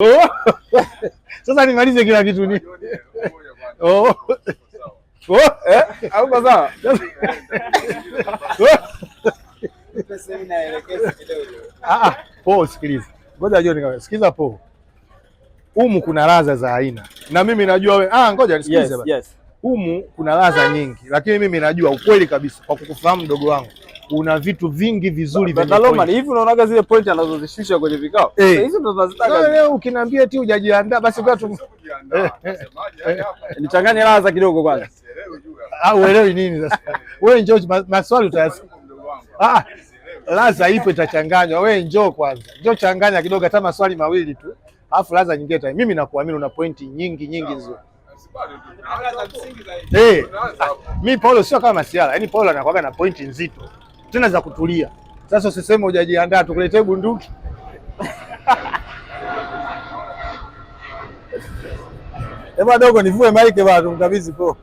Oh! Sasa nimalize kila kitu ni oh. oh. auko eh? sawa. Ah, ah. Po, sikiliza, ngoja John, sikiliza po, humu kuna ladha za aina, na mimi najua we. Ah, ngoja nisikilize basi. Humu kuna ladha nyingi, lakini mimi najua ukweli kabisa kwa kukufahamu mdogo wangu una vitu vingi vizuri vya Ni Hivi unaonaga zile point anazozishusha kwenye vikao eh. hizo ndo tunazitaka leo. Ukiniambia ti hujajiandaa basi kwa tu ah, eh, eh, nichanganye laza kidogo kwanza, au ah, uelewi nini? Sasa wewe njoo, maswali utayasikia. Ah, laza ah. ipo itachanganywa. Wewe njoo kwanza, njoo changanya kidogo, hata maswali mawili tu, alafu laza nyingine tayari. Mimi nakuamini una pointi nyingi nyingi nzuri. Hey, mi Paulo sio kama Masiala, yaani Paulo anakuwaga na pointi nzito tena za kutulia. Sasa usiseme hujajiandaa, tukuletee bunduki Eba dogo, nivue maiki bado tumkabidhi po